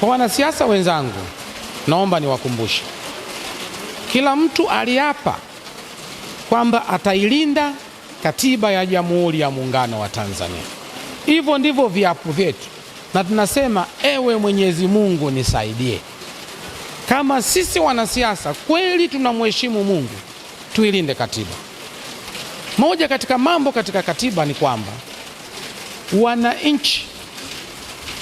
Kwa wanasiasa wenzangu, naomba niwakumbushe, kila mtu aliapa kwamba atailinda katiba ya Jamhuri ya Muungano wa Tanzania. Hivyo ndivyo viapo vyetu, na tunasema ewe Mwenyezi Mungu nisaidie. Kama sisi wanasiasa kweli tunamheshimu Mungu, tuilinde katiba. Moja katika mambo katika katiba ni kwamba wananchi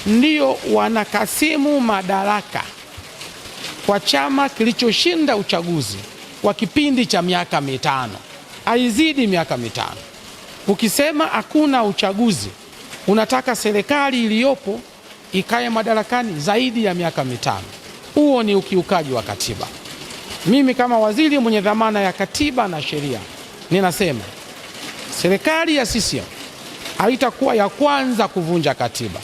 ndio wanakasimu madaraka kwa chama kilichoshinda uchaguzi kwa kipindi cha miaka mitano, haizidi miaka mitano. Ukisema hakuna uchaguzi, unataka serikali iliyopo ikae madarakani zaidi ya miaka mitano. Huo ni ukiukaji wa katiba. Mimi kama waziri mwenye dhamana ya katiba na sheria ninasema serikali ya CCM haitakuwa ya kwanza kuvunja katiba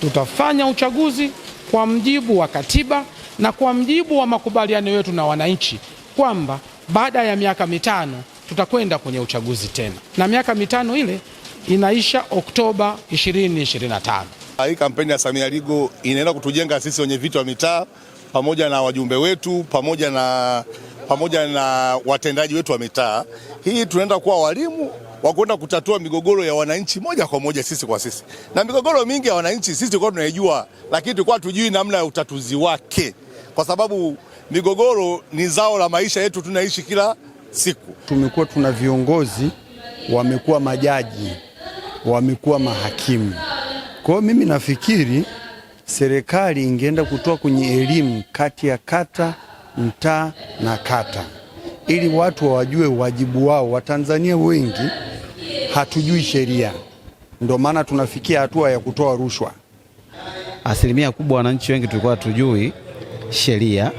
tutafanya uchaguzi kwa mjibu wa katiba na kwa mjibu wa makubaliano yetu na wananchi kwamba baada ya miaka mitano tutakwenda kwenye uchaguzi tena, na miaka mitano ile inaisha Oktoba 2025. Ah, hii kampeni ya Samia Ligo inaenda kutujenga sisi wenye viti wa mitaa pamoja na wajumbe wetu pamoja na pamoja na watendaji wetu wa mitaa hii, tunaenda kuwa walimu wa kwenda kutatua migogoro ya wananchi moja kwa moja, sisi kwa sisi. Na migogoro mingi ya wananchi sisi tulikuwa tunaijua, lakini tulikuwa tujui namna ya utatuzi wake, kwa sababu migogoro ni zao la maisha yetu, tunaishi kila siku. Tumekuwa tuna viongozi wamekuwa majaji, wamekuwa mahakimu. Kwa hiyo mimi nafikiri serikali ingeenda kutoa kwenye elimu kati ya kata mtaa na kata, ili watu wajue wajibu wao. Watanzania wengi hatujui sheria, ndio maana tunafikia hatua ya kutoa rushwa. Asilimia kubwa wananchi wengi tulikuwa hatujui sheria.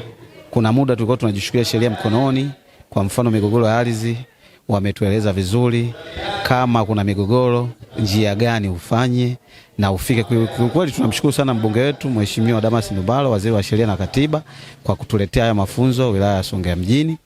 Kuna muda tulikuwa tunajishukulia sheria mkononi, kwa mfano migogoro ya ardhi, wametueleza vizuri kama kuna migogoro, njia gani ufanye na ufike. Kweli tunamshukuru sana mbunge wetu Mheshimiwa Damas Ndumbaro, waziri wa sheria na katiba, kwa kutuletea haya mafunzo wilaya ya Songea mjini.